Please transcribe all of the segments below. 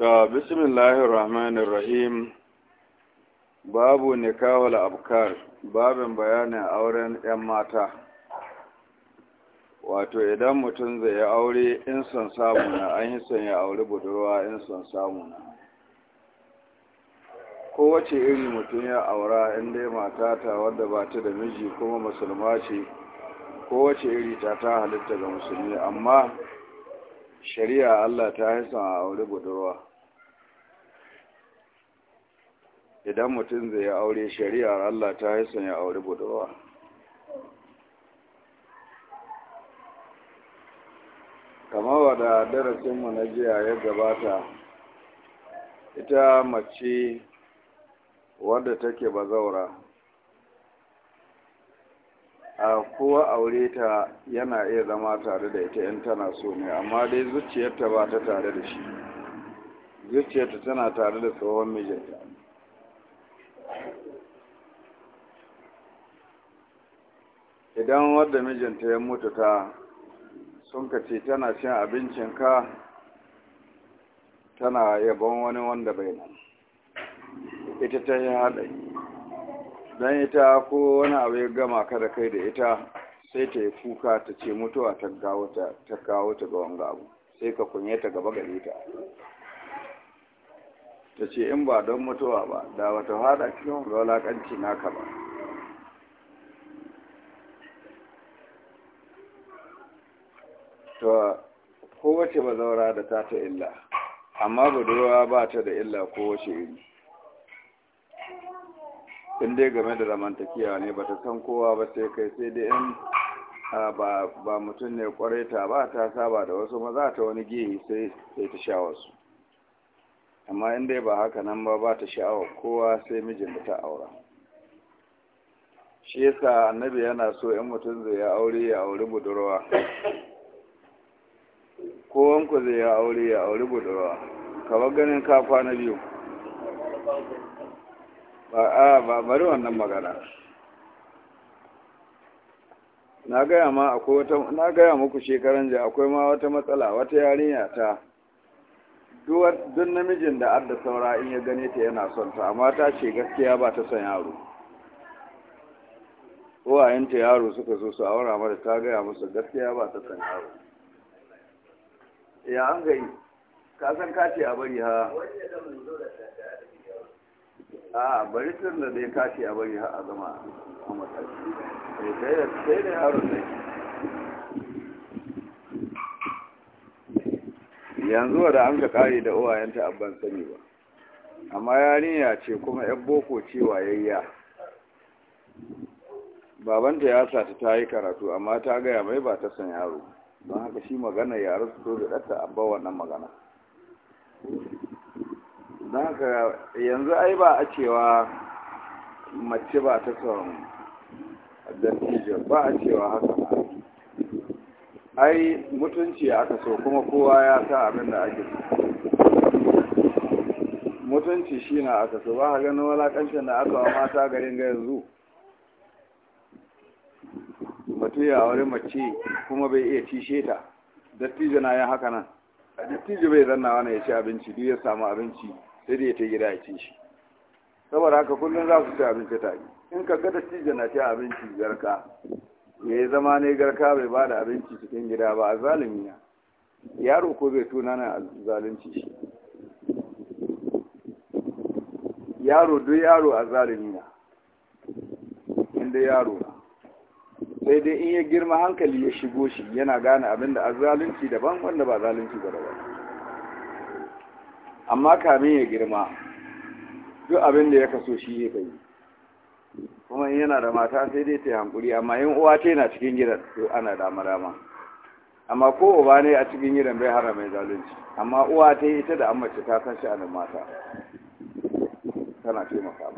ta bismillahir rahmanir rahim babu nikahul abkar babin bayanin auren yan mata wato idan mutum zai yi aure in san samu na an yi san ya aure budurwa in san samu na kowace iri mutum ya aura in dai mata ta wadda ba ta da miji kuma musulma ce kowace iri ta ta halitta ga musulmi amma shari'a Allah ta yi sa a aure budurwa idan mutum zai yi aure shari'ar Allah ta son ya aure budurwa kama wada darasinmu na jiya ya gabata ita mace wadda take bazaura a kowa aure ta yana iya zama tare da ita in tana so ne amma dai zuciyarta ba ta tare da shi zuciyarta tana tare da tsohon mijinta idan wadda mijinta ya mutu ta sun kace tana cin abincinka tana yabon wani wanda bai nan ita ta yi haɗari. don ita ko wani abu ya gama ka da kai da ita sai ta yi kuka ta ce mutuwa ta kawo ta ga wanga abu sai ka kunye ta gaba gare ta ta ce in ba don mutuwa ba da wata haɗa cikin walakanci naka ba to kowace bazaura da ta ta illa amma budurwa ba ta da illa kowace iri in dai game da zamantakewa ne ba ta san kowa ba sai kai sai dai in ba mutum ne kwarai ta ba ta saba da wasu maza ta wani gihi sai ta sha wasu amma in dai ba haka nan ba ba ta sha kowa sai mijin da ta aura shi yasa annabi yana so in mutum zai ya aure ya auri budurwa kowanku zai ya aure ya aure budurwa kawar ganin ka kwana biyu ba a ba bari wannan magana na gaya ma akwai wata na gaya muku shekaran jiya akwai ma wata matsala wata yarinya ta duk namijin da adda saura in ya gane ta yana son ta amma ta ce gaskiya ba ta son yaro ta yaro suka zo su aura mata ta gaya musu gaskiya ba ta son yaro ya an gai ka san ka ce a bari ha a bari tun da dai ka ce a bari ha a zama a matsayi eh, sai da yaro ne yanzu da an ka kare da uwayenta ban sani ba amma yarinya ce kuma yan boko cewa ya. babanta ya sa ta yi karatu amma ta gaya mai ba ta san yaro don haka shi magana yare su to da ɗata a ba wannan magana don haka yanzu ai ba a cewa mace ba ta son dattijo ba a cewa haka ai mutunci aka so kuma kowa ya sa abin da ake mutunci shi na aka so ba a ganin walakancin da aka wa mata garin ga yanzu mutum ya aure mace kuma bai iya tishe ta dattijo na yin haka nan dattijo bai zanna wani ya ci abinci duk ya samu abinci sai da ya ta gida ya ci shi saboda haka kullum za su ci abinci tare in ka ga dattijo na ci abinci garka ya yi zama ne garka bai ba da abinci cikin gida ba a zalimi na yaro ko zai tuna na zalunci shi yaro duk yaro a zalimi na inda yaro na sai dai in ya girma hankali ya shigo shi yana gane abin da zalunci daban wanda ba zalunci ba daban amma kamin ya girma duk abin da ya kaso shi ya kai kuma in yana da mata sai dai ta hankuri amma yin uwa ta yana cikin gidan to ana dama dama amma ko uba ne a cikin gidan bai hara mai zalunci amma uwa ta ita da amince ta san sha'anin mata tana taimaka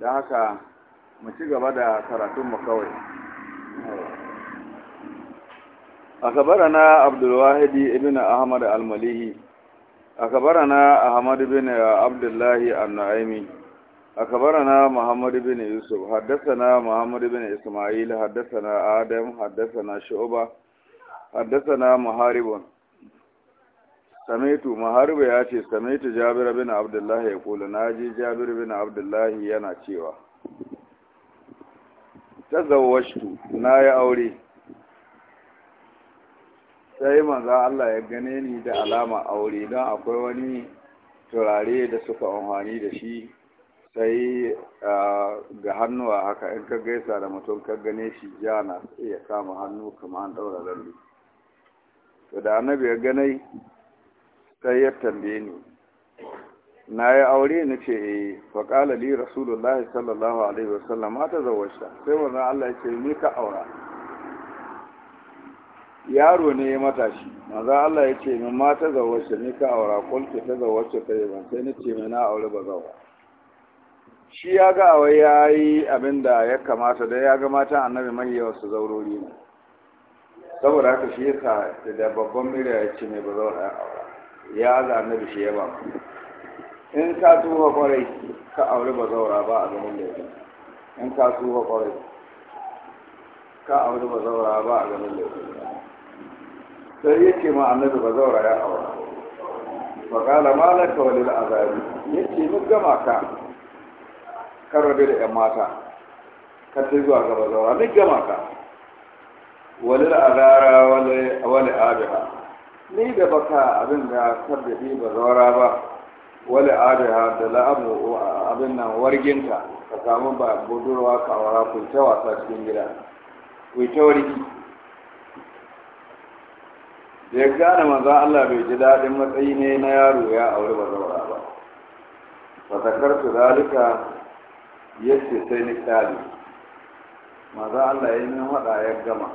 don haka Mu gaba da karatunmu kawai. Aƙabarana Abdulwahidi, Ibina Ahmadu Al-malihi Aƙabarana Ahmadu Bini Abdullahi Ana Aimi Aƙabarana Muhammadu Bini Yusuf Aƙabarana Muhammadu Bini Isma'il Aƙabarana Adam Aƙabarana Shoba Aƙabarana Muharibun Sametu Muharibu ya ce Sametu jabirabina Abdullahi ya ƙo da na ji jabirabina Abdullahi yana cewa. ta zawashtu na ya aure sai manzan Allah ya gane ni da alama aure don akwai wani turare da suka amfani da shi sai ga hannuwa haka in ka gaisa da mutum ka gane shi ja na iya kama hannu kama an daura lalle to da annabi ya gane sai ya tambaye ni na yi aure na ce eh faƙala li rasulullah sallallahu alaihi wasallam ma zawarsa sai wannan Allah ya ce ni ka aura yaro ne ya matashi manzo Allah ya ce min ma zawarsa ni ka aura qul ki zawarsa kai ban sai ni ce mai na aure ba zawa shi ya ga awai ya yi abinda ya kamata da ya ga matan annabi mai yawa su zaurori ne saboda haka shi yasa da babban mira ya ce mai ba zawa ya aura ya ga annabi shi ya ba mu in ka tuba kwarai ka auri ba zaura ba a zaman da yake in ka tuba kwarai ka auri ba zaura ba a zaman da yake sai yake ma annabi ba zaura ya aura fa qala malaka walil azabi yake mun gama ka kan rabe da yan mata ka ce zuwa ga ba zaura mun gama ka walil azara wani wal abiha ni da baka abin da kabbi ba zaura ba wala adaha da la'abu abin nan warginta ka samu ba budurwa ka ku ta wasa cikin gida ku ta warki da ya gane manzon Allah bai ji daɗin matsayi ne na yaro ya aure ba zaura ba fa zakartu zalika yace sai ni kali Maza Allah ya yi min ya gama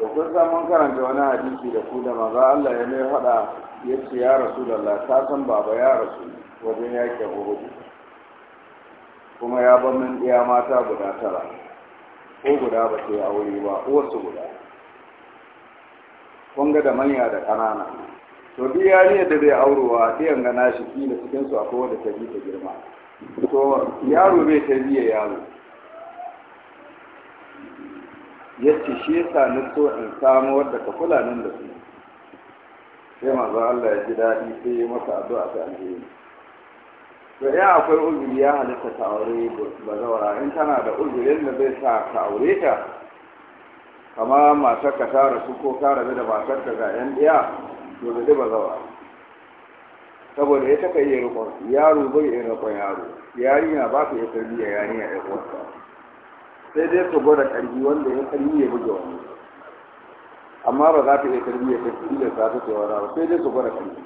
to kun san mun karanta wani hadisi da ku da maza Allah ya mai faɗa ya ce ya rasu da ta san baba ya rasu wajen yakin Uhud kuma ya bar min iya mata guda tara ko guda ba ta yi aure ba wasu guda kun ga da manya da ƙanana to duk yariyar da zai aurowa ɗiyan gana shi kila cikinsu akwai wanda ta ta girma to yaro bai ta biya yaro yace shi yasa na so in samu wadda ka kula nan da su sai manzo Allah ya ji daɗi sai ya masa addu'a ta alheri to ya akwai uzuri ya halitta ta aure zaura in tana da uzuri da zai sa ka aure ta kama matar ka ta rasu ko ka rabu da matar ka ga yan ɗiya to da zaura saboda ya taka iya rikon yaro bai yi rikon yaro yarinya ba ta iya tarbiyya yarinya ya uwarta sai dai ka gwada ƙarfi wanda ya karfi ya buge wani amma ba za ka iya ƙarfi ya karfi da za ta ce wara ba sai dai ka gwada ƙarfi.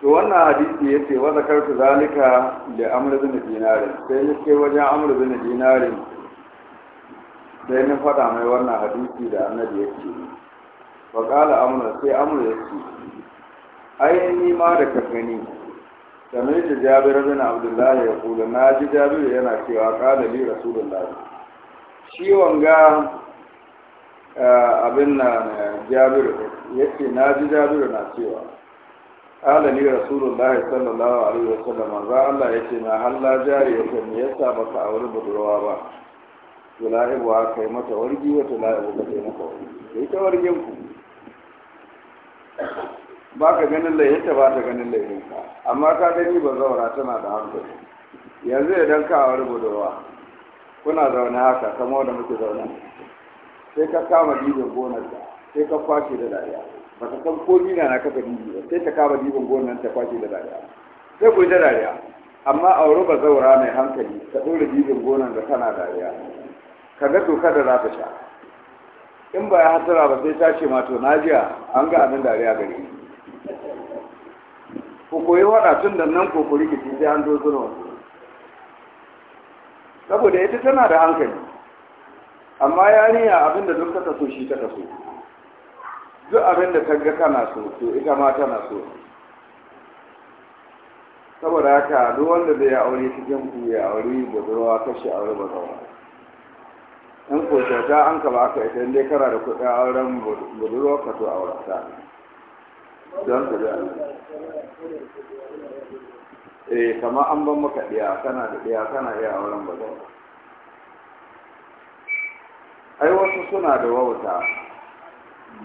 to wannan hadisi ya ce wa zakartu zalika da amr bin dinarin sai ya ce wajen amr bin dinarin sai na faɗa mai wannan hadisi da annabi ya ce fa ƙala amr sai amr ya ce ai ma da ka gani kamar da jabir bin abdullahi ya kula na ji jabir yana cewa qala li rasulullahi shi wanga eh, abin na eh, jabir ce na ji jabir na cewa qala li rasulullahi sallallahu alaihi wasallam za Allah ya ce na halla jari ya yace me yasa baka aure budurwa ba tula'ibu a kai mata wargi wa tula'ibu ka kai mata wargi kai ta wargin ku ba ka ganin laihinta ba ta ganin laihinka amma ka gani ba zaura tana da hankali yanzu idan ka wani budurwa kuna zaune haka kama da muke zaune sai ka kama dibin gonar ta sai ka kwashe da dariya ba ka san ko mina na kafa dibi ba sai ta kama dibin gonar ta kwashe da dariya sai ku yi da dariya amma wuri ba zaura mai hankali ka ɗora dibin gonar da tana dariya ka ga doka da za ta sha in ba ya hasara ba sai ta ce ma to na jiya an ga abin dariya gare ni ku koyi waɗa tun da nan ko ku rikici sai an dozo na wasu saboda ita tana da hankali amma yarinya abinda duk ta so shi ta so duk abinda ta ga kana so to ita ma tana so saboda haka duk wanda zai ya aure cikin ku ya aure budurwa kashi aure budurwa in ko ta an ka ba aka ita in dai kana da kuɗin auren budurwa ka to aure ta don su da eh kama an ban maka ɗiya kana da ɗiya kana iya auren ba zai ai wasu suna da wauta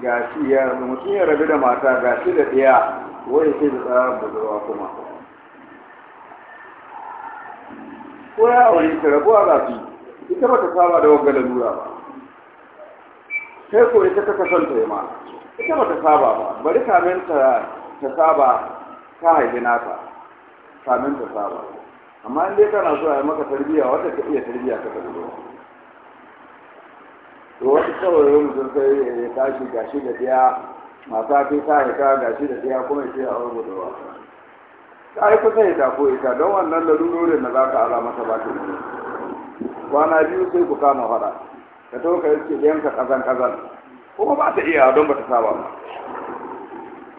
gashi shi ya mutum ya rabu da mata gashi da ɗiya wai sai da tsarar budurwa kuma ko ya aure ta rabuwa za su ita ba ta saba da wagga lalura ba sai ko ita ta kasanta ya ma ita ba ta saba ba bari kamin ta saba ta haifi nata kamin ta saba amma in dai kana so a yi maka tarbiyya wata ta iya tarbiyya ta kallo to wata kawai yau mutum sai ya tashi gashi da biya masu kai ta haifa gashi da biya kuma ce a wani gudawa ta haifi sai ya tafi ita don wannan lalurorin da za ka ala mata ba ta kwana biyu sai ku kama fara ka tauka ka yanka kazan kazan kuma ba ta iya don ba ta saba ba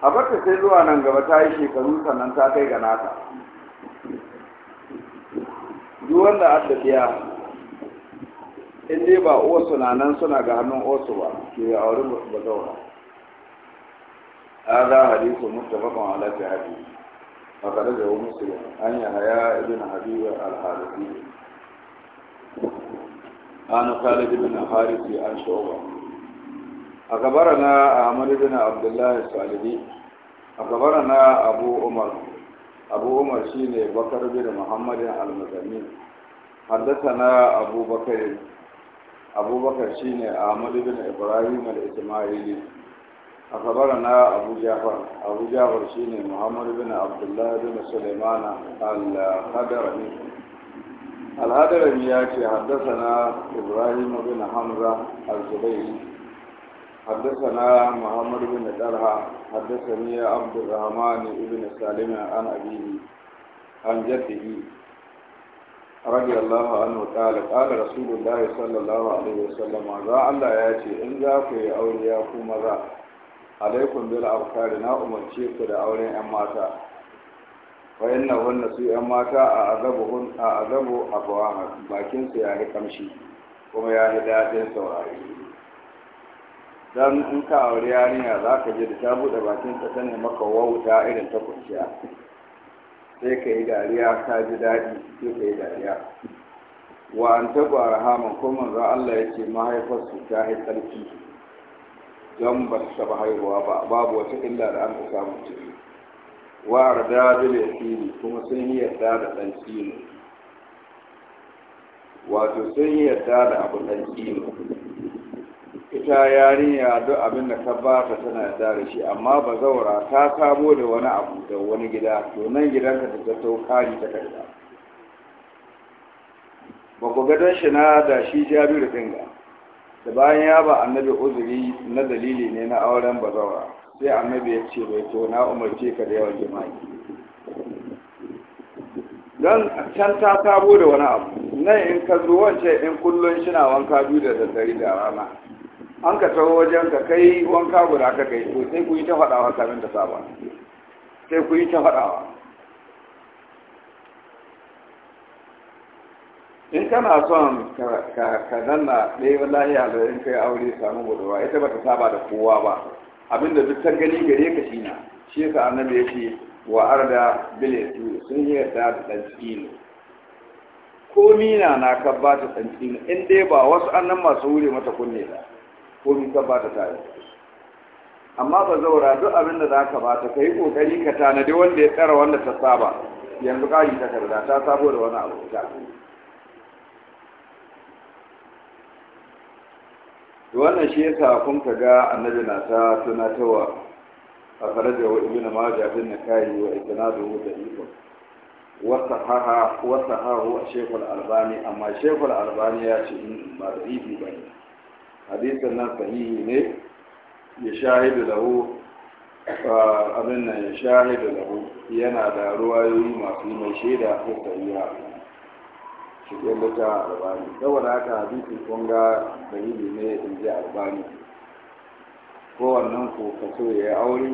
a barta sai zuwa nan gaba ta yi shekaru sannan ta kai ga nata Yi wanda an tafiya in dai ba osu na nan suna ga hannun osu ba ke yi a wurin ba zaura a za a rikon mutafakon alaƙi haɗi a kare da wani yi. an yi haya ibn habibu al-harifi ana kare ibn harifi an shi'obar أخبرنا أحمد بن عبد الله الصالحي أخبرنا أبو عمر أبو عمر شيني بكر بن محمد المزني حدثنا أبو بكر أبو بكر شيني أحمد بن إبراهيم الإسماعيلي أخبرنا أبو جعفر أبو جعفر شيني محمد بن عبد الله بن سليمان الخدرمي الهدرمي ياتي حدثنا إبراهيم بن حمزة الزبيري حدثنا محمد بن طلحة حدثني عبد الرحمن بن سالم عن أبيه عن جده رضي الله عنه قال قال رسول الله صلى الله عليه وسلم ذا الله ياتي إن ذاكوا يا أولياء كما ذا عليكم بالأبكار نا أمرتيك لأولين أماتا a azabu abawa bakin su ya باكين kamshi kuma ya ياهي داتين سواري dan in ka aure yarinya za ka je da ta buɗe bakin ta tana maka wauta irin ta kunciya sai ka yi dariya ka ji daɗi sai ka yi dariya wa an taɓa rahama ko manzo Allah ya ce mahaifarsu ta yi tsarki don ba su taɓa haihuwa ba babu wata illa da an ka samu ciki wa arda bil yasiri kuma sun yi yarda da ɗan tsino wato sun yi yarda da abu ɗan tsino ita yarinya duk abin da ka ba ta tana da shi amma ba zaura ta samo da wani abu da wani gida to nan gidanka ta zato kari ta karda ba ku ga shi na da shi jabiru din ga da bayan ya ba annabi uzuri na dalili ne na auren bazaura sai annabi ya ce bai to na umarce ka da yawan jima'i don can ta sabo da wani abu nan in ka zo wancan in kullum shina wanka biyu da daddare da rana an ka taho wajen ka kai wanka guda ka kai to sai ku yi ta faɗawa kamin da saba sai ku yi ta faɗawa in kana son ka danna ɗaya lahiya da in kai aure samu budurwa ita ba ta saba da kowa ba abinda duk ta gani gare ka shi na shi yasa annabi ya ce wa arda su sun yi yarda da ɗan ne ko mina na ka ba ta ɗan tsino in dai ba wasu annan masu wuri mata kunne ba. ko bi ka ba ta tare amma ba zaura duk abin da za ka ba ta kai kokari ka tanadi wanda ya tsara wanda ta saba yanzu ƙari ta karda ta sabo da wani abu ta wannan shi yasa kun ka ga annabi na ta tunatarwa a farajar wa ibn majah bin nakai wa isnaduhu da ikon wasahaha wasahahu shaykhul albani amma shaykhul albani ya ce in ba da ibi ne. hadisin nan sahihi ne ya shahidu lahu abin nan ya shahidu lahu yana da ruwayoyi masu mai shaida ko sahiha cikin lita albani saboda haka hadisin kun ga sahihi ne ndi ji albani kowannen ku kaso ya yi aure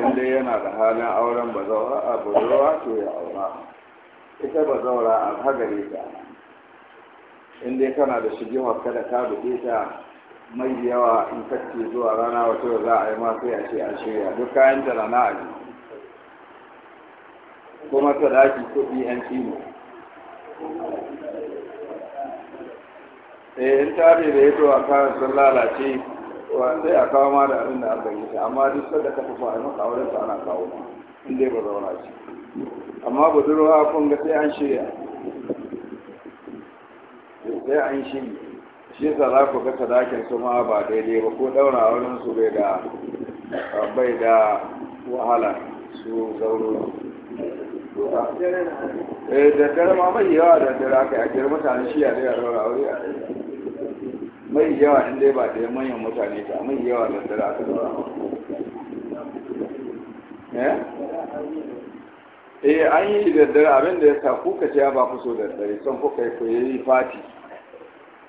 in dai yana da halin auren bazawa a bazaura to ya aura ita bazaura a hagare ta in dai kana da shigewar kada ka buɗe ta mai yawa in kacce zuwa rana wata za a yi ma sai a ce a shirya duk kayan da rana a ji kuma sadaki ko yan ne eh in tare da yato a kayan sun lalace sai a kawo ma da abin da aka yi amma duk ka ta fa'a maka auren sa ana kawo ma in dai ba zauna ce amma budurwa kun ga sai an shirya sai an shi shi za ku ga sadakin su ma ba daidai ba ko daura wurin su bai da bai da wahala su zauro eh da ma mai yawa da daddare aka yi a mutane shi a daya a daura wuri a mai yawa in dai ba da manyan mutane ta mai yawa da daddare aka daura wuri eh an yi daddare abin da ya sa kuka ce ba ku so daddare son kuka ku yi fati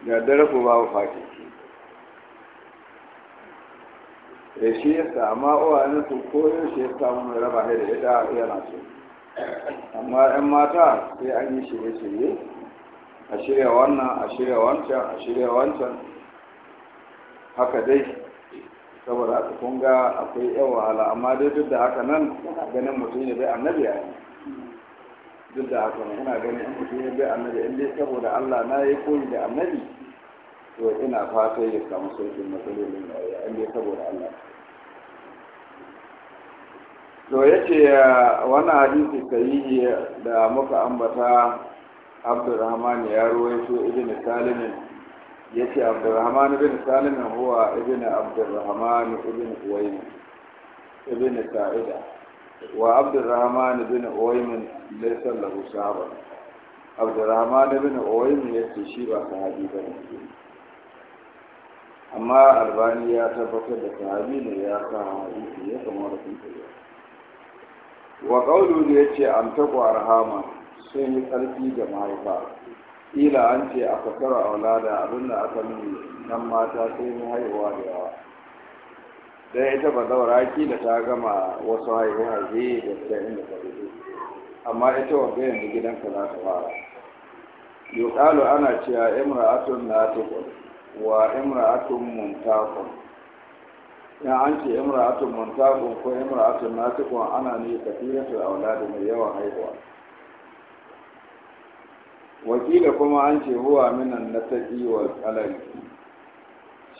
daddare ku babu fati eh shi ya sa amma an su ko shi ya sa mun raba shi da ita yana so amma yan mata sai an yi shirye-shirye a shirya wannan a shirya wancan a shirya wancan haka dai saboda a kunga akwai yan wahala amma dai duk da haka nan ganin mutum ne bai annabi a yi duk da haka ina ganin in mutum ya bi annabi in dai saboda Allah na yi koyi da annabi to ina fatan ya samu sauƙin matsalolin da ya in dai saboda Allah to yace wannan hadisi sahihi da muka ambata Abdurrahman ya ruwaito Ibn Salim yace Abdurrahman ibn Salim huwa ibn Abdurrahman ibn Uwayn ibn Sa'ida wa abdurrahman bin uwaimin laysa lahu sahaba abdurrahman bin ya ce shi ba ka sahabi bane amma albani ya tabbatar da sahabi ne ya sa hadisi ya kamata kun wa qawlu da yace an taqwa arhama sun yi tsarki da mahaifa ila an ce a fasara aulada abinda aka nuna, nan mata sai yi haihuwa da yawa sai ita ba zaura da ta gama wasu haihe-haihe da ta inda ta fito amma ita wa yanzu gidanka za ta fara yuqalu ana cewa imra'atun natiqun wa imra'atun muntaqun ya an ce imra'atun muntaqun ko imra'atun natiqun ana ne kafiratul auladi mai yawan haihuwa wakila kuma an ce huwa minan nataqi wa qalali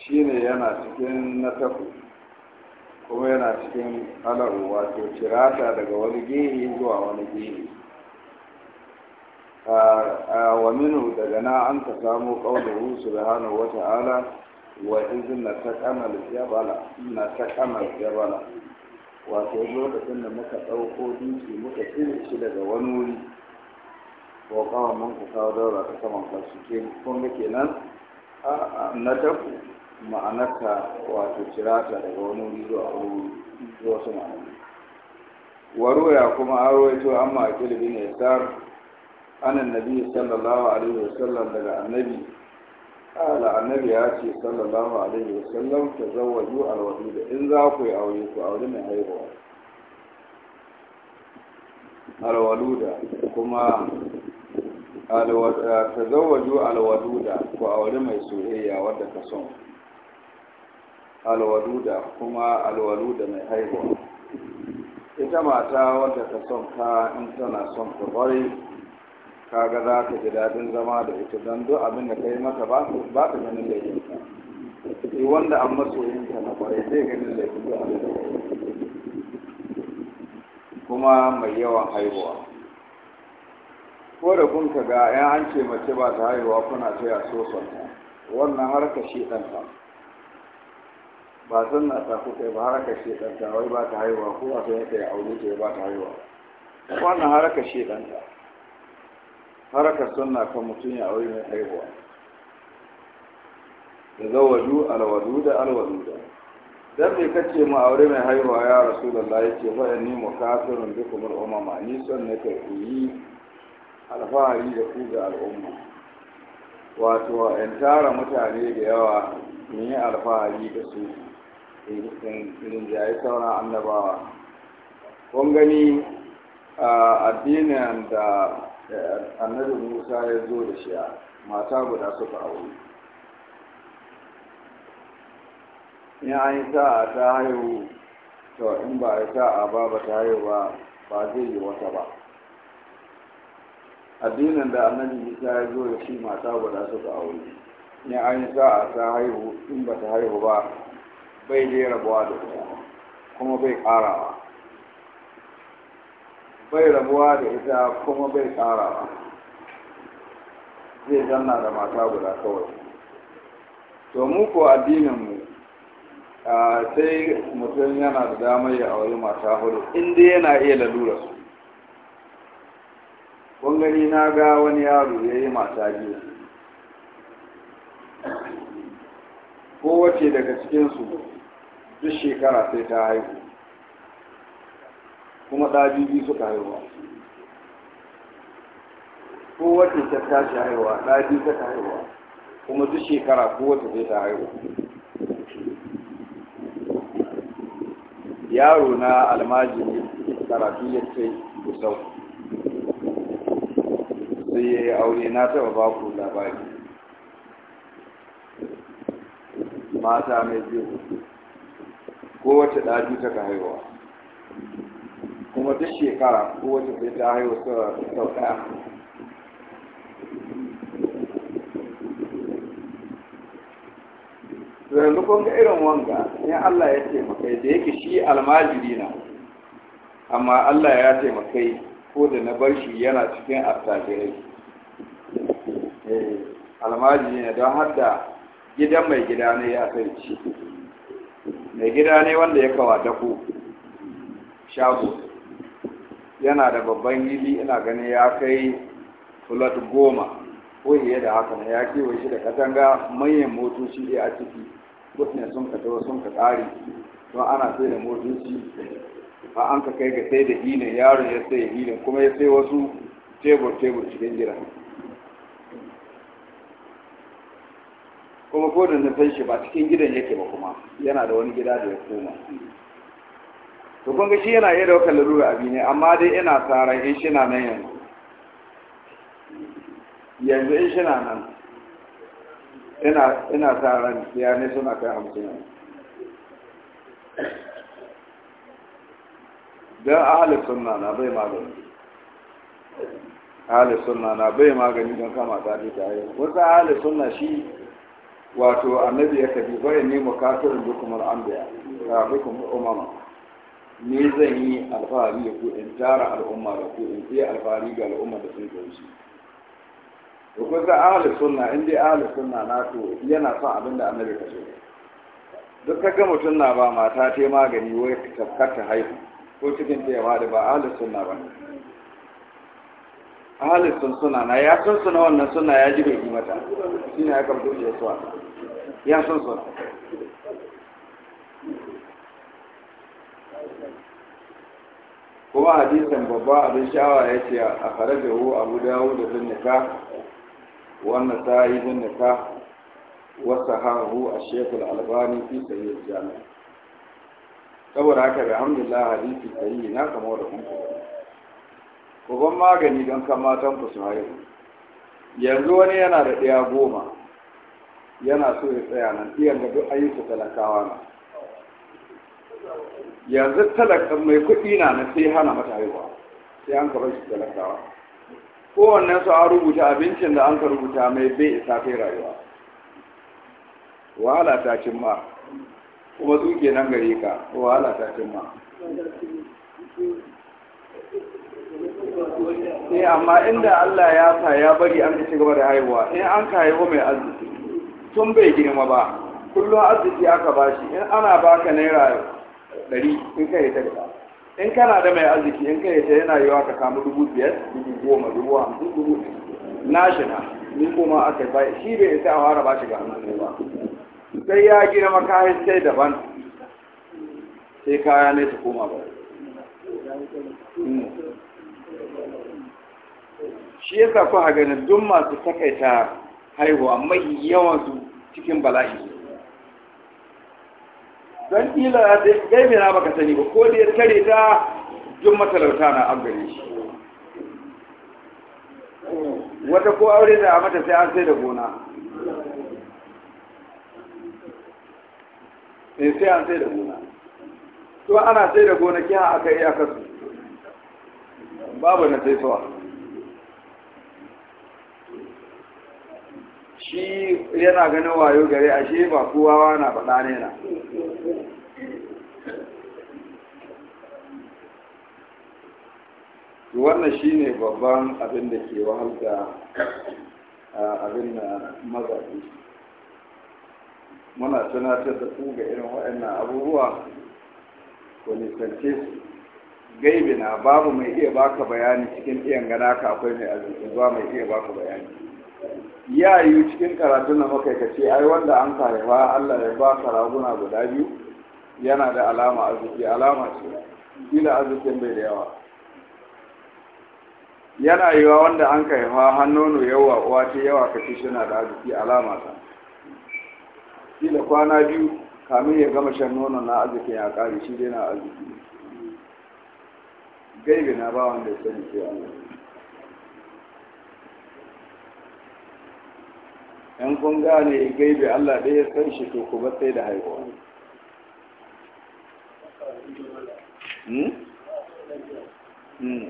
shine yana cikin nataku kuma yana cikin alaru wato cirata daga wani gehe zuwa wani gehe wa minu daga na an ka samu da hana wata ala wa izin na ta kamar jabala na ta kamar jabala wato lokacin da muka ɗauko dutse muka cire shi daga wani wuri ko kawai mun ku kawo daura ta saman kasu ke kun nan kenan na tafi ma'anarta wato cirata daga wani wuri zuwa wani zuwa su ma'anarta waruya kuma an rawaito an ma'aƙil bin yasar an annabi sallallahu alaihi wasallam daga annabi ala annabi ya ce sallallahu alaihi wasallam ta zawaju alwadu da in za ku yi aure ku aure mai haihuwa alwaluda kuma ta zawaju alwaduda ku aure mai soyayya wadda ka son alwaluda kuma alwaluda mai haihuwa ita mata wadda ka son ka in tana son ka kwarai kaga za ka ji daɗin zama da ita don duk abin da ka yi mata ba ka ganin laifinka shi wanda an ta na kwarai zai ganin laifin duk abin da ka kuma mai yawan haihuwa ko da kun ka ga 'yan an ce mace ba ta haihuwa kuna ta ya so wannan harka shi ɗanta ba san na ta kuka ba haraka shedanta wai ba ta haihuwa ko ba sai yake aure ta ba ta haihuwa wannan haraka Har haraka sunna kan mutum ya aure mai haihuwa da zawaju alwaduda alwaduda dan me kace mu aure mai haihuwa ya rasulullahi yace fa inni mukafirun bikum al-umama ni son ka yi alfahari da ku ga al'umma wato in tara mutane da yawa in yi alfahari da su jayi sauran annabawa kun gani a addinin da annabi musa ya zo da shi mata guda suka aure in an yi sa'a ta haihu to in ba a sa'a ba ba ta haihu ba ba zai yi wata ba addinin da annabi musa ya zo da shi mata guda suka aure in an yi sa'a ta haihu in ba ta haihu ba bai dai rabuwa da ita kuma bai karawa bai rabuwa da ita kuma bai karawa zai zanna da mata guda kawai to mu ko addininmu sai mutum yana da damar ya auri mata hudu inda yana iya lalura su kun na ga wani yaro ya yi mata biyu kowace daga cikinsu duk shekara sai ta haihu kuma ɗabibi suka haihuwa wata ta tashi haihuwa ɗabi ta haihuwa kuma duk shekara wata sai ta haihuwa yaro na almajiri karatu ya ce gusau sai ya yi aure na taɓa baku labari mata mai biyu kowace ɗaju ta haihuwa kuma duk shekara kowace sai ta haihu sau ɗaya yanzu kun ga irin wanga in Allah ya taimakai da yake shi almajiri na amma Allah ya taimakai ko da na bar shi yana cikin attajirai eh, almajiri ne don hadda gidan mai gida ne ya kai ci mai gida ne wanda ya kawata ku shago yana da babban gidi ina ganin ya kai flot goma ko iya da haka na ya kewaye shi da katanga manyan motoci ne a ciki mutane sun ka sun ka tsari don ana sai da motoci ba an ka kai ga sai da hinin yaron ya sai hinin kuma ya sai wasu tebur tebur cikin gida kuma ko da ba cikin gidan yake ba kuma yana da wani gida da ya koma to kun ga shi yana iya daukar lalura abi ne amma dai ina tsara in shina na nan yanzu yanzu in shina nan ina ina tsaron ya ne suna kai hamsin yanzu don ahalin sunna na bai magani ahalin sunna na bai magani don kama ta ta yi wasu ahalin sunna shi wato annabi ya kabi bayan ne mukasirin dukkan al'ambiya ga dukkan umama ne zan yi alfahari da ku in tara al'umma da ku in yi alfahari ga al'umma da sun kunshi da kun ga ahli sunna in dai ahli sunna na to yana son abin da annabi ka so duk ka ga mutum na ba mata ta magani wai tafkar ta haihu ko cikin ta da ba ahli sunna ba ne ahli sun suna na ya san suna wannan suna ya ji bai yi mata shine ya karɓo shi ya suwa ya san su kuma hadisan babba abin sha'awa ya ce a hu? abu dawo da nika wannan ta yi zinnika wasu hahu a shekul albani fi sayi jami'a saboda haka da hamdulillah hadisi sayi na kama da kuma ku ban magani don kan matan ku su haihu yanzu wani yana da ɗaya goma yana so ya tsaya nan iyan ga duk ayyuka talakawa na yanzu talaka mai kuɗi na na sai hana mata haihuwa sai an kaba shi talakawa kowannen su an rubuta abincin da an ka rubuta mai bai isa kai rayuwa wahala ta cimma kuma tsuke nan gare ka wahala ta cimma eh amma inda Allah ya sa ya bari an ci gaba da haihuwa in an ka haihu mai arziki tun bai girma ba kullum arziki aka bashi in ana baka naira ɗari in kai ta da in kana da mai arziki in kai ta yana yiwa ka samu dubu biyar dubu goma dubu hamsin dubu nashina ni kuma aka bai shi bai isa a fara bashi ga hannun ba sai ya girma kayan sai daban sai kaya ne su koma ba hmm. shi yasa ku a ganin duk masu takaita haihuwa mai yawan su cikin bala'i don kila gaime na baka sani ba ko da ya tare ta jin matalauta na an gare shi wata ko aure da a mata sai an sai da gona sai eh, sai an sai da gona to ana sai da gona kiya aka yi aka su babu na sai suwa shi yana ganin wayo gare ashe ba kowa na faɗa ne na wannan shi ne babban abin da ke wahal da abin na mazaɓi muna tunatar da ku ga irin waɗannan abubuwa ko nisance su na babu mai iya baka bayani cikin iyan gana ka akwai mai arziki zuwa mai iya baka bayani ya yi cikin karatun da muka ka ce ai wanda an haifa Allah ya ba ka raguna guda biyu yana da alama arziki alama ce kila arzikin bai da yawa yana yiwa wanda an haifa hannunu yawa uwa ce yawa ka ce na da arziki alama ta kila kwana biyu kamin ya gama shan nono na arzikin ya kare shi dai na arziki gaibe na ba wanda ya sani sai Allah Yan kun gane gaibe Allah da ya san shi to ku ba sai da haihuwa hmm? Hmm.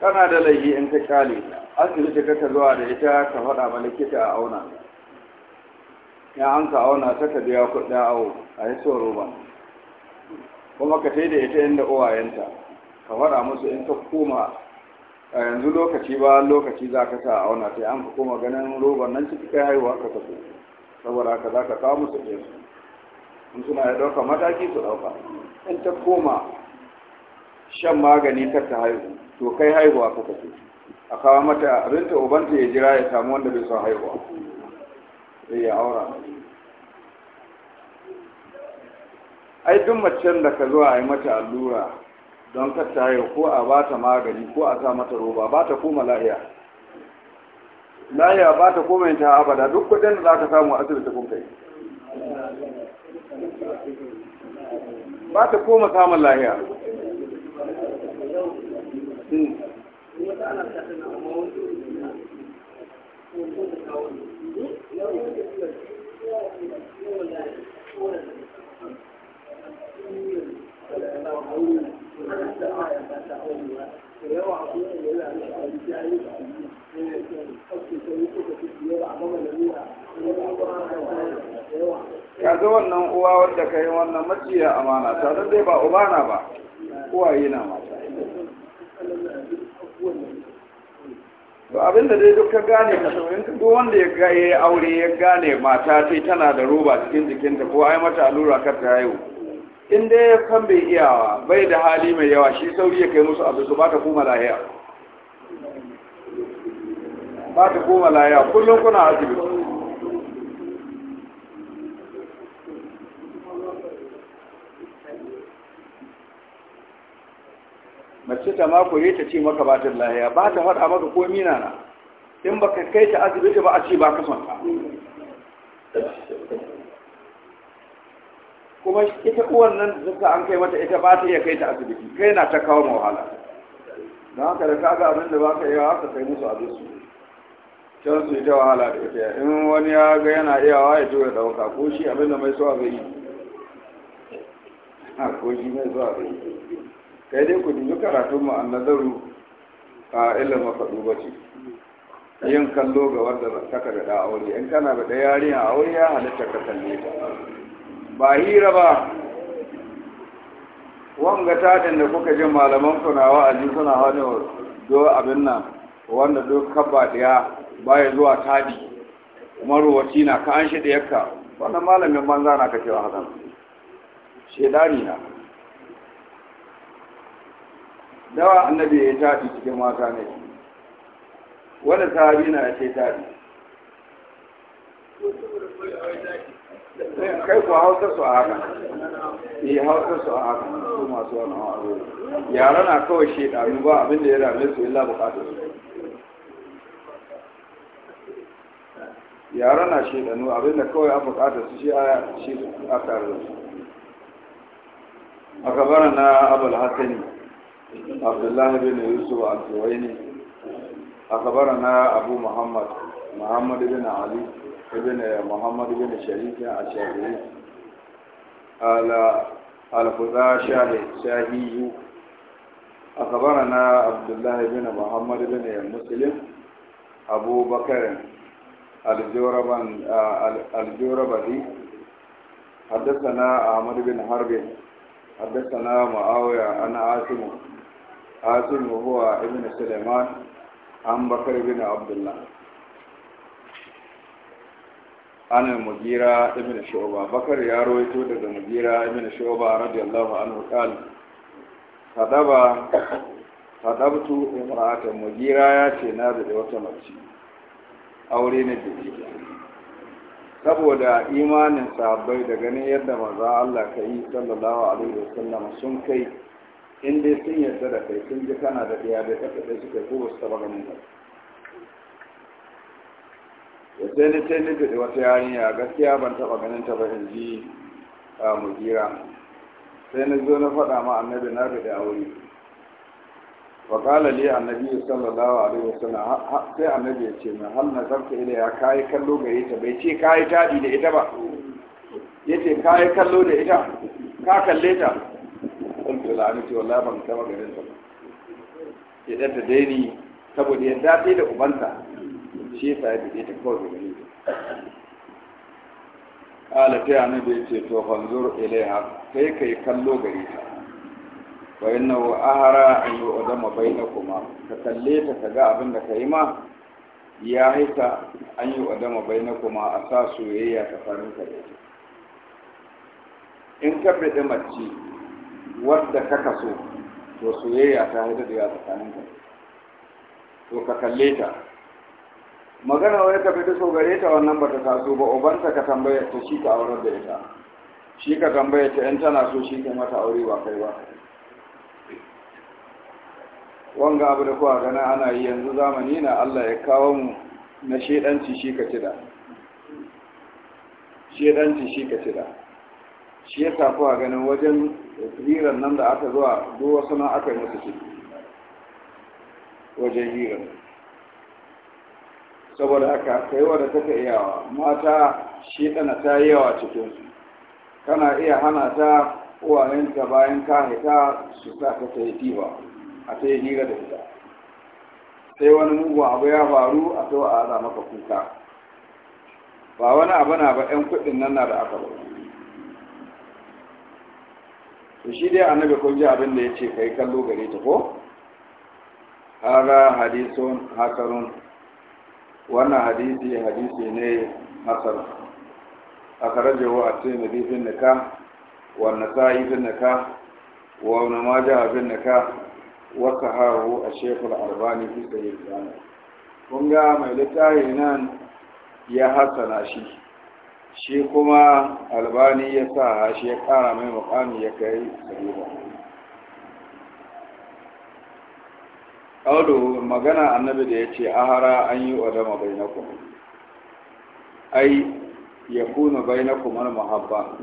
kana da laifi in ta kyale asibiti kaka zuwa da ita ka faɗa ma likita a auna ya an ka auna ta ka biya kuɗi awo a yi tsoro ba kuma ka taida ita inda uwayenta ka fara musu in ka koma a yanzu lokaci ba lokaci za ka sa auna sai an ka koma ganin roban nan ciki kai haihuwa ka tafi saboda haka za ka kawo musu ɗin su in suna ya ɗauka mataki su ɗauka in ta koma shan magani kar ta haihu to kai haihuwa ka tafi a kawo mata rinta ubanta ya jira ya samu wanda bai son haihuwa sai ya aura ai duk macen da ka zo a yi mata allura don kata yau ko a ba ta magani ko a sa mata roba ba ta koma lahiya lahiya ba ta koma ta abada duk kudin da za ka samu asibiti kun kai ba ta koma samun lahiya Thank hmm. you. yanzu wannan uwa wadda ka yi wannan maciya amana ta don dai ba ubana ba uwaye na mata to abinda dai duk ka gane ka sauyin duk wanda ya gaye aure ya gane mata ce tana da roba cikin jikinta ko ai mata allura kar ta haihu in dai kan bai iyawa bai da hali mai yawa shi sauri ya kai musu abin su ba ta koma lahiya ba ta koma lahiya kullum kuna asibi mace ta mako ya ta ce maka ba ta lahiya ba ta faɗa maka ko mina na in ba ka kai ta asibiti ba a ce ba ka son ta kuma ita uwan nan zuka an kai mata ita ba ta iya kai ta asibiti kai na ta kawo wahala don haka da kaga abin da ba ka iya haka kai musu abin su can su ita wahala da ita in wani ya ga yana iyawa ya tura dauka ko shi abin da mai suwa gani a ko shi mai suwa gani kai dai ku dubi karatun mu annazaru a ilmin mafaɗu ba ce yin kallo ga wanda ta ka a aure in kana da ɗaya a wuri ya halitta ka kalle ta ba hira ba wanga tadin da kuka ji malaman kuna wa'azi kuna wani do abin nan wanda duk kaba daya baya zuwa tadi marowaci na ka an shi yakka wannan malamin banza na kacewa hakan shedani na dawa annabi ya tadi cikin mata ne wani sahabi na ya ce tadi kai hausa su a haka yi eh, hausa su a haka su masu wani hawa yara na kawai shekaru ba abinda ya rame su illa bukatar su yara na shekaru abinda kawai a bukatar su shi a shi a tare su a kabara na abul hassani abdullahi bin yusuf al-suwaini a kabara na abu muhammad muhammad bin ali ابن محمد بن شريك al-shafi'i ala al-fuda shahiyu أخبرنا عبد الله بن محمد بن مسلم أبو بكر الجوربدي حدثنا أحمد بن حرب حدثنا معاوية أنا عاصم عاصم هو ابن سليمان عن بكر بن عبد الله an al-mugira الشعوبة shu'ba bakar ya rawaito daga mugira ibn shu'ba radiyallahu anhu qala hadaba hadabtu imra'atan mugira ya ce na da wata mace aure na biki saboda imanin sahabbai da ganin yadda maza Allah ka yi sallallahu alaihi wasallam sun kai in dai sun yarda da kai sun ji kana da ɗaya da suka ko ba su ganin ba da sai ni sai ni da wata yarinya gaskiya ban taba ganin ta ba in ji mugira sai na zo na faɗa ma annabi na da aure wa qala li annabi sallallahu alaihi wasallam sai annabi ya ce min hal nazarta ila ya kai kallo gare ta bai ce kai tadi da ita ba yace kai kallo da ita ka kalle ta kuntu la ni wallahi ban taba ganin ta ba ya ta daini saboda yadda sai da ubanta shi yasa ya bude ta kawai ta kala ta yana da ya ce to fanzur ilaiha kai kai kallo gari ta wa inna wa ahara an na kuma ka kalle ta ka ga abin da ka yi ma ya haita an yi na kuma a sa soyayya tsakanin ka da ita in ka bada mace wadda ka kaso to soyayya ta haita da tsakanin ka to ka kalle ta magana wai ka fita so gare ta wannan bata taso ba ubanta ka tambaya ta shi ka aurar da ita shi ka tambaya ta in tana so shi ka mata aure ba kai ba wanga abu da kuwa gana ana yi yanzu zamani na Allah ya kawo mu na shedanci shi ka tida shedanci shi ka tida shi ya tafi a ganin wajen hirar nan da aka zuwa duk wasu nan aka yi musu ciki wajen hirar saboda haka kai da take iyawa mata shi dana ta yawa cikin su kana iya hana ta ta bayan ka haita su sa ta ta diba a ta hira da ita sai wani mugun abu ya faru a to a maka kuka ba wani abu na ba 'yan kuɗin nan na da aka ba to shi dai annabi kun ji abin da ya ce kai kallo gare ta ko hara hadisun hakarun wannan hadisi hadisi ne hasan akhrajahu A tirmidhi na bifin wa an-nasa'i fi nikah wa ibn ma ji abin wa sahahu haru a al-albani fi sahih al kun ga mai littafi nan ya hasana shi shi kuma albani ya sa shi ya kara mai mukami ya kai ba ƙaudu magana annabi da yace ce ahara an yi odama bai na kuma ai ya kuna bai na kuma mahabba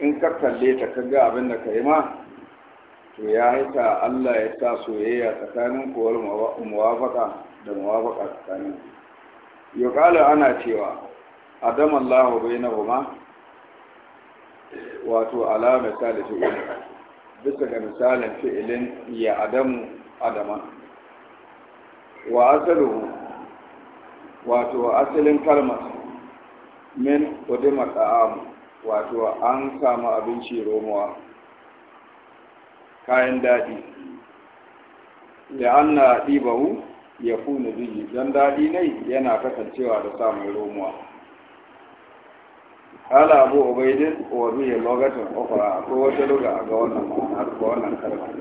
in ka kalle ta kaga abin da ka yi ma to ya haita allah ya sa soyayya tsakanin kowar muwafaka da muwafaka tsakanin yukala ana cewa adam allah bai na kuma wato alama misali fi'il bisa ga misalin fi'ilin ya adamu adaman wa asaluhu wato asalin kalmar min kudima ta'amu wato an samu abinci romawa. kayan daɗi da an na ɗibahu ya kuna biyu don daɗi ne yana kasancewa da samun romawa. ala abu ubaidin wa biyu lokacin ofara ko wata luga ga wannan ma'anar ga wannan kalmar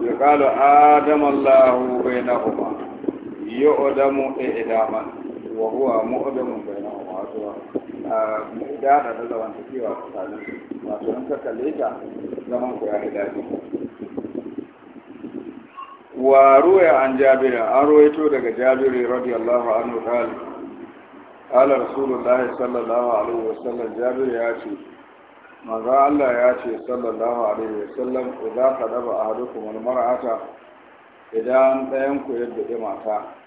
ya kalu adamallahu bai na yi odamu a idama wa huwa mu'adamun bayanan wato da da da zaman tafiya tsakanin wato in ka kalle ta zaman ku ya hidafi wa ruwaya an jabirin an ruwaito daga jabiri radiyallahu anhu qala qala sallallahu alaihi wasallam jabir ya ce manzo Allah ya ce sallallahu alaihi wasallam idza qadaba ahadukum almar'ata idan dayan ku yadda mata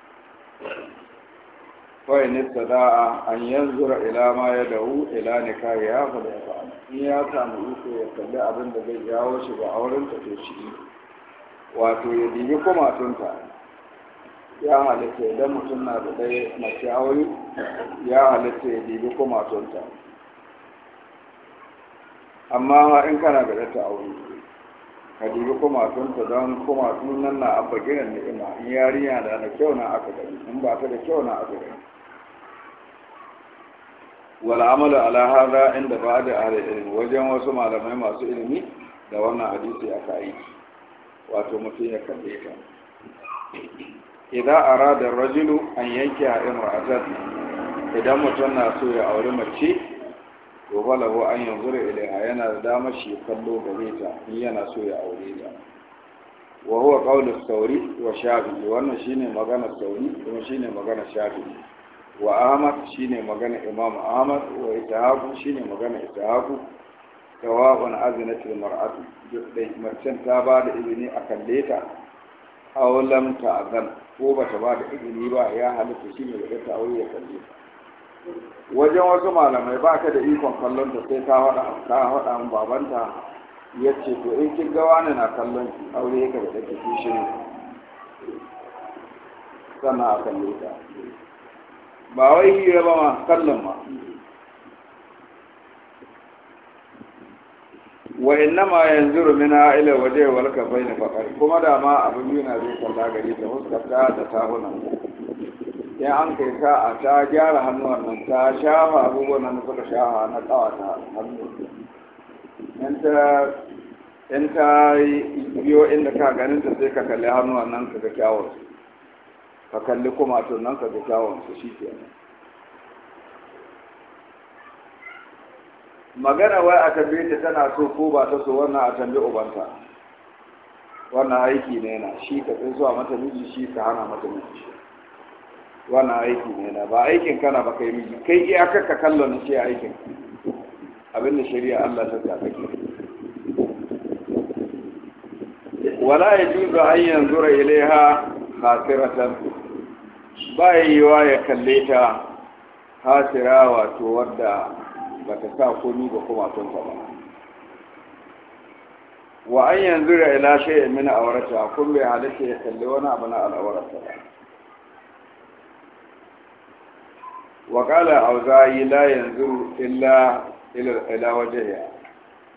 fa'in sada'a an yanzura ila ma ya dawo ila ne kare ya faɗa ya fa'ala in ya samu iko ya kalli abin da zai jawo shi ba auren ta to shi wato ya dibi kumatunta ya halitta idan mutum na da ɗaya mace aure ya halitta ya dibi kumatunta amma in kana da ɗata aure ka dubi kumatunta don kumatun nan na abba giran ina, in yarinya da na kyau na aka gani in ba ta da kyau na aka gani wala amalu ala hada inda ba da ahli ilmi wajen wasu malamai masu ilimi da wannan hadisi a aiki wato mutum ya kalle ka idan arada rajulu an yanke a imra'atan idan mutum na so ya aure mace to balahu an yanzura ilaiha yana da damar shi kallo gare ta in yana so ya aure ta wa huwa qawlu sauri wa shafi wannan shine magana sauri kuma shine magana shafi wa ahmad shine magana imam ahmad wa ishaq shine magana ishaq sawa'un azinatul mar'atu duk dai mace ta ba da izini a kalle ta aw lam ta'zan ko ta ba da izini ba ya halitta shine da ta aure ya kalle ta wajen wasu malamai ba ka da ikon kallon ta sai ta haɗa mu babanta ya ce to in kin ga wani na kallon ki aure ka da take shi ne sannan a kalle ta ba wai hira ba ma kallon ma wa innama yanzuru min ila waje wal bai na fakar kuma da ma abin yana zai kalla gari ta huskar ta da tahunan in an kai a ta gyara hannuwan nan ta shafa abubuwan nan suka shafa na tsawata hannu in ta biyo inda ka ganin ta sai ka kalli hannuwan nan ka ga kyawunsu su ka kalli kuma to nan ka ga kyawunsu su shi ke magana wai a tambaye ta tana so ko ba ta so wannan a tambaye ubanta wannan aiki ne na shi ka tsinsuwa mata miji shi ka hana mata miji wannan aiki ne na ba aikin kana ba kai miji kai iyakar ka kallon ce aikin abin da shari'a Allah ta ta kake wala ya juzo an yanzu yanzura ilaiha hasiratan ba yiwa ya kalle ta hasira wato wadda ba ta sa komi ba kuma tun ba wa an yanzura ila shay'in min awrata kun bai halatta ya kalle wani abu na al'aurata ta? wa qala auza'i la yanzu illa ila ila Malla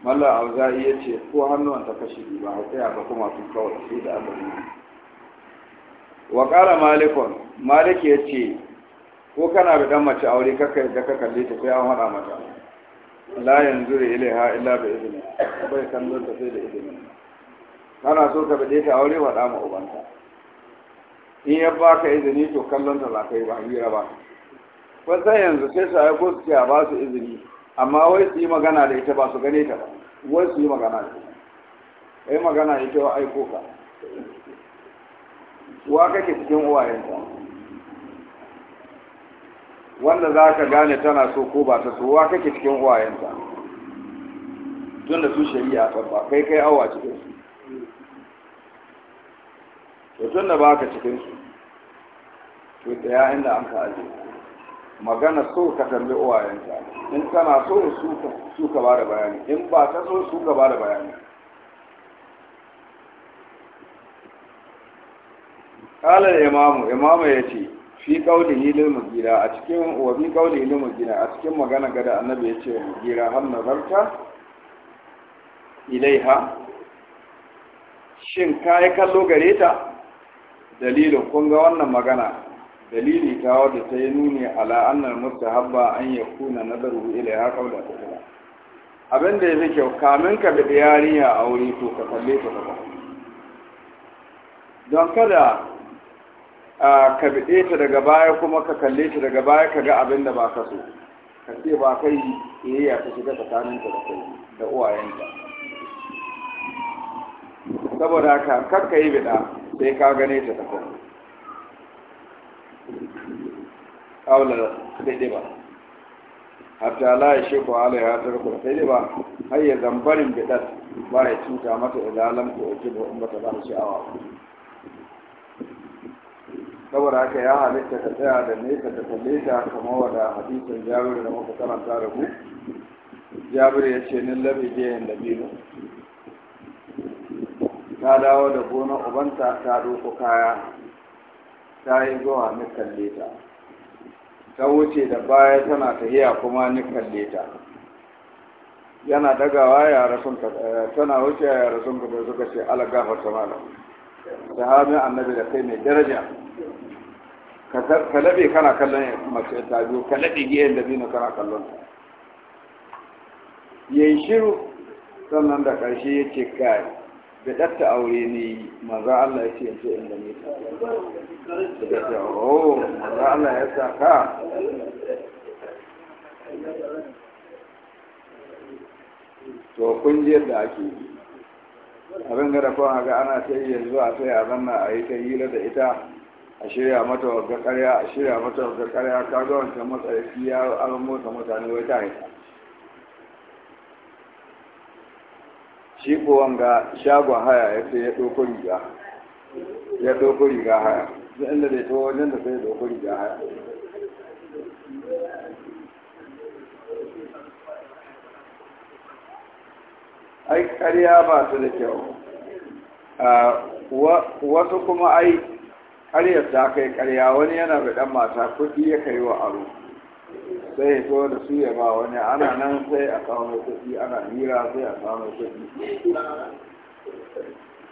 malla auza'i ce, ko hannuwan ta kashi ba a tsaya ba kuma sun kawai sai da abin wa qala malikun malik yace ko kana da dan mace aure kaka da ka kalle ta sai an hada mata la yanzuru ilaiha illa bi idni bai kallon ta sai da idni kana so ka bade ta aure wa da ma ubanta in ya baka izini to kallon ta za ka yi ba hira ba wasan yanzu sai su aiko su ce a ba su izini amma wai su yi magana da ita ba su gane ta ba wai su yi magana da ita kai magana ita wa aiko ka wa kake cikin uwayenta wanda za ka gane tana so ko ba ta so wa kake cikin uwayenta tun da su shari'a ba kai kai awa cikin su to tun da ba ka cikin su to tsaya inda an ka ajiye magana so ka tambi uwayenta in kana so su ka ba da bayani in ba ta so su ka ba da bayani kala imamu imamu ya ce fi kauli hilin mugira a cikin wa fi kauli hilin mugira a cikin magana gada annabi ya ce mugira har nazarta ilaiha shin ka yi kallo gare ta dalilin kun ga wannan magana dalili ta wadda ta yi nuni ala annal habba an ya kuna na nazaru ila ya kaula ta kula abin da ya fi kyau kamin ka bi yarinya a wuri to ka kalle ta gaba don kada ka biɗe ta daga baya kuma ka kalle ta daga baya ka ga abin da ba ka so ka ce ba kai ya ta shiga tsakaninta da kai da uwayenta saboda haka kakka yi biɗa sai ka gane ta ta kai aula daidai ba hatta la ya sheku ala ya tarko daidai ba har ya zambarin bidar ba ya cuta mata idalan ko ake ba in bata ba sha'awa saboda haka ya halitta ka tsaya da nesa ta kalle ta kamar wada hadisin jabir da muka karanta da ku Jabiru ya ce nin labi jiyan da biyu ta dawo da gonar ubanta ta doko kaya ta yi zuwa ni kalle ta ta wuce da baya tana tahiya kuma ni kalle ta yana dagawa yara sun eh, tana wuce yara sun da suka ce ala gafar ta malam annabi da kai mai daraja ka kana kallon mace ta biyu ka laɓe giyan da biyu kana kallon ta yayi shiru sannan da ƙarshe ya ce kai da ɗatta aure ne maza Allah ya ce yanzu inda ne nita da ta oh maza Allah ya sa ka to kun ji da ake yi abin gada kwan ga ana ta yi yanzu a sai a zanna a yi ta hira da ita a shirya mata wagga karya a shirya mata wagga karya ka ga wancan matsayi ya almota mutane wai ta haifa. shi ko wanga shagon haya ya ce ya ɗauko riga ya ɗauko riga haya duk inda da to wajen da sai ya ɗauko riga haya ai ƙarya ba su da kyau wasu kuma ai ƙaryar ta kai ƙarya wani yana da ɗan mata kuɗi ya kai wa aro sai ya so da su ya ba wani ana nan sai a kawo kuɗi ana hira sai a kawo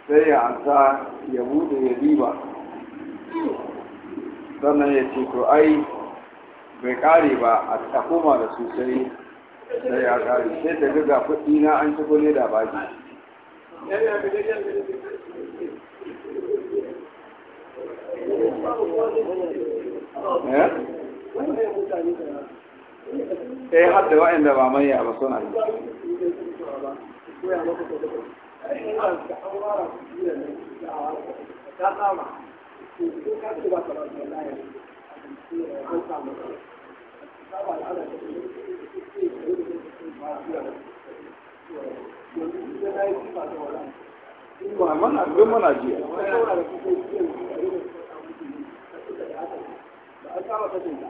sai ya ansa ya bude ya diba sannan ya ce to ai bai kare ba a takoma da su sai sai ya kare sai da ga kuɗi na an ci kone da baki Yeah? eh har da waɗanda ba manya ba suna yi mana duk mana jiya an mana kashin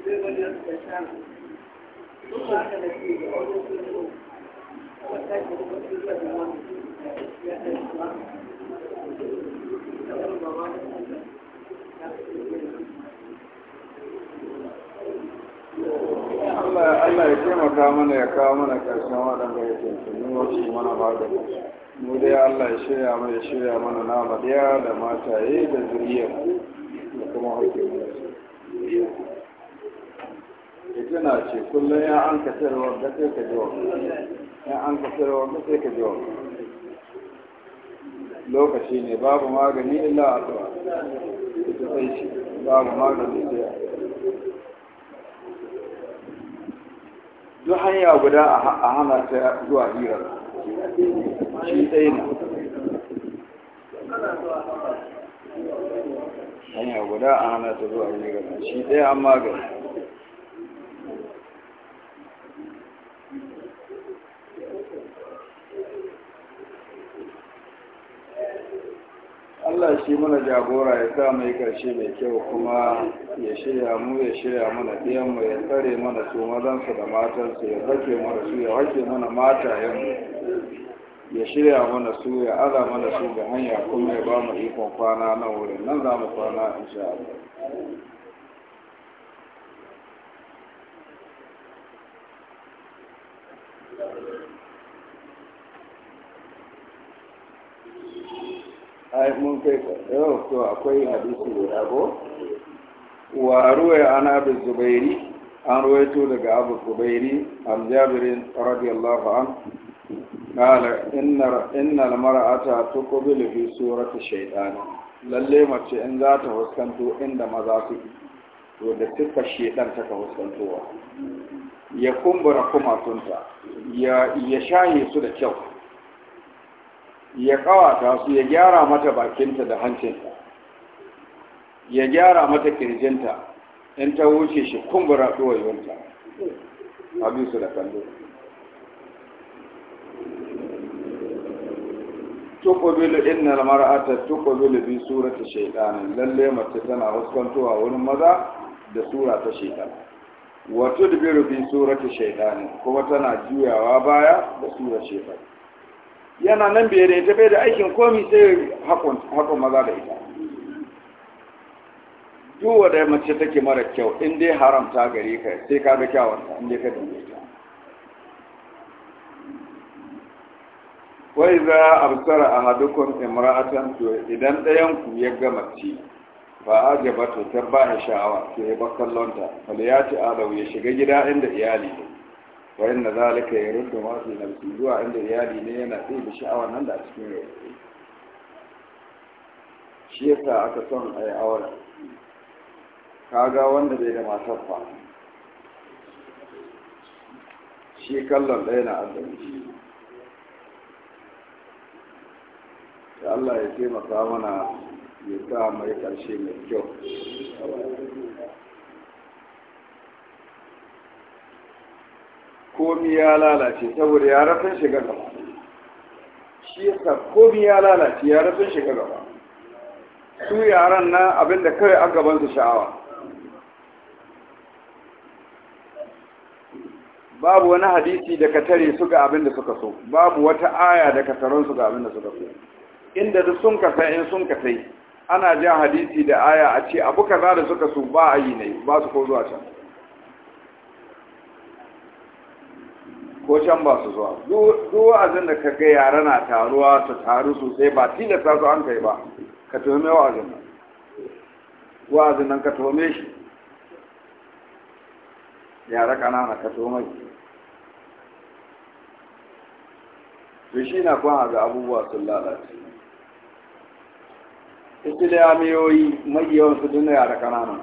Allah ya taimaka mana ya kawo mana ƙarshen waɗanda ya tuntuni wasu mana magani. Mu dai Allah ya shirya mana ya shirya mana na da mataye da zuriya da kuma hukumar. suna ce kullum ya an ka sayar wanda sai ka ji ya an ka sayar wanda sai ka ji wanda lokaci ne babu magani illa a zuwa ita sai shi babu magani sai a duk hanya guda a hana ta zuwa hirar shi tsaye na hanya guda a hana ta zuwa hirar shi tsaye an magani Allah shi muna jagora ya sa mai karshe mai kyau kuma ya shirya mu ya shirya mana ɗiyanmu ya tsare mana su mazansu da matansu ya zake mana su ya wake mana matayenmu ya shirya mana su ya ala mana su ga hanya kuma ya ba mu ikon kwana na wurin nan za mu kwana sha Allah ai mun kai yau to akwai hadisi da yago wa ruwaya an abu zubairi an ruwaito daga abu zubairi an jabirin radiyallahu an kala inna mar'ata tuqbilu fi surati shaytan lalle mace in za ta huskanto inda maza su to da tukka shaytan ta ka huskantowa ya kumbura kumatunta ya shaye su da kyau ya kawata su ya gyara mata bakinta da hancinta ya gyara mata kirjinta in ta wuce shi kumbura ɗuwayonta a su da kallo tukubilu na mar'ata tukubilu bi ta shaidanin lalle mace tana huskantowa wurin maza da sura ta shaytan wa tudbiru bi ta shaidanin kuma tana juyawa baya da sura shaytan yana nan bai da ita bai da aikin komi sai haƙon maza da ita duwa da mace take mara kyau in dai haramta gare ka sai ka ga kyawanta in dai ka dame ta wai za a absara a hadukun imra'atan to idan ɗayan ku ya ga mace ba a ba to ta ba sha'awa sai ya ba ya ci alau ya shiga gida inda iyali ne wa inna zalika yaruddu ma fi nafsi zuwa inda yadi ne yana ɗebe sha'awar nan da a cikin rai shi yasa aka son a yi auren kaga wanda bai da matar fa shi kallon ɗaya na azumi shi da Allah ya taimaka mana ya sa mai ƙarshe mai kyau komi ya lalace saboda ya sun shiga gaba shi yasa komi ya lalace ya sun shiga gaba su yaran nan abinda kawai a su sha'awa babu wani hadisi da ka tare su ga abin da suka so babu wata aya da ka taron su ga abin da suka so inda duk sun kasa in sun kasai ana jan hadisi da aya a ce abu kaza da suka so ba a yi ne ba su ko zuwa can ko can ba su zuwa duk wa'azin da ka ga yara na taruwa su taru sosai ba tilasta su an kai ba ka tuhume wa'azin nan wa'azin nan ka tuhume shi yara ƙanana ka tuhume to shi na kwan ga abubuwa sun lalace islamiyoyi mai yawan su duna yara ƙanana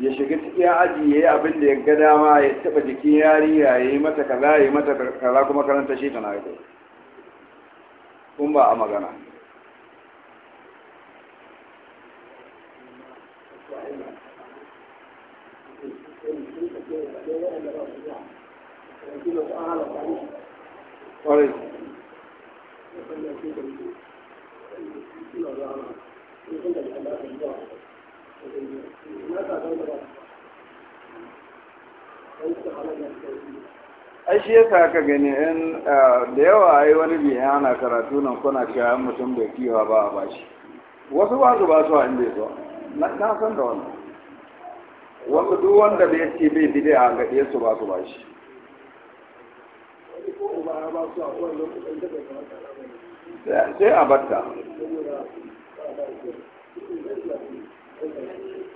ya shiga cikin aji ya yi abin da ya ga dama ya taba jikin yariya ya yi mata kaza ya yi mata kaza kuma karanta shi tana yau kun ba a magana Thank you. ai shi yasa aka gani in da yawa ai wani biyan ana karatu nan kuna cewa mutum bai kiwa ba a bashi wasu ba su ba su a inda ya na san da wannan wasu duk wanda da ce bai bide a gaɗe su ba su ba shi sai a batta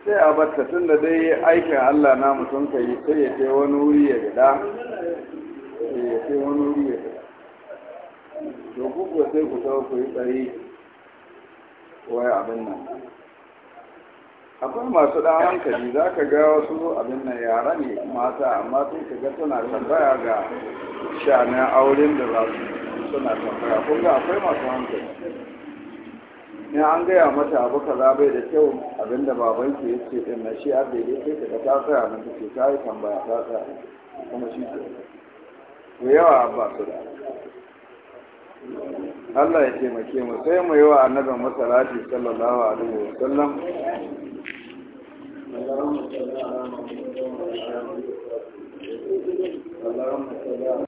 sai a batta tun da dai aikin Allah na mutum ka yi sai ya kai wani wuri ya gada ya kai wani wuri ya gida to kuka sai ku tawo ku yi tsari wai abin nan akwai masu ɗan hankali za ka ga wasu abin nan yara ne mata amma sun ka ga suna tambaya ga shanin auren da za su suna tambaya ko ga akwai masu hankali in an gaya mata abu kaza bai da kyau abinda baban ki ya ce din na shi abda ya sai ka ta tsaya nan ta ce ta yi tambaya ta tsaya kuma shi ke ku yawa Abba su da Allah ya taimake mu sai mu yi wa annabi masalati sallallahu alaihi wa sallam اللهم صل على محمد وعلى آله وصحبه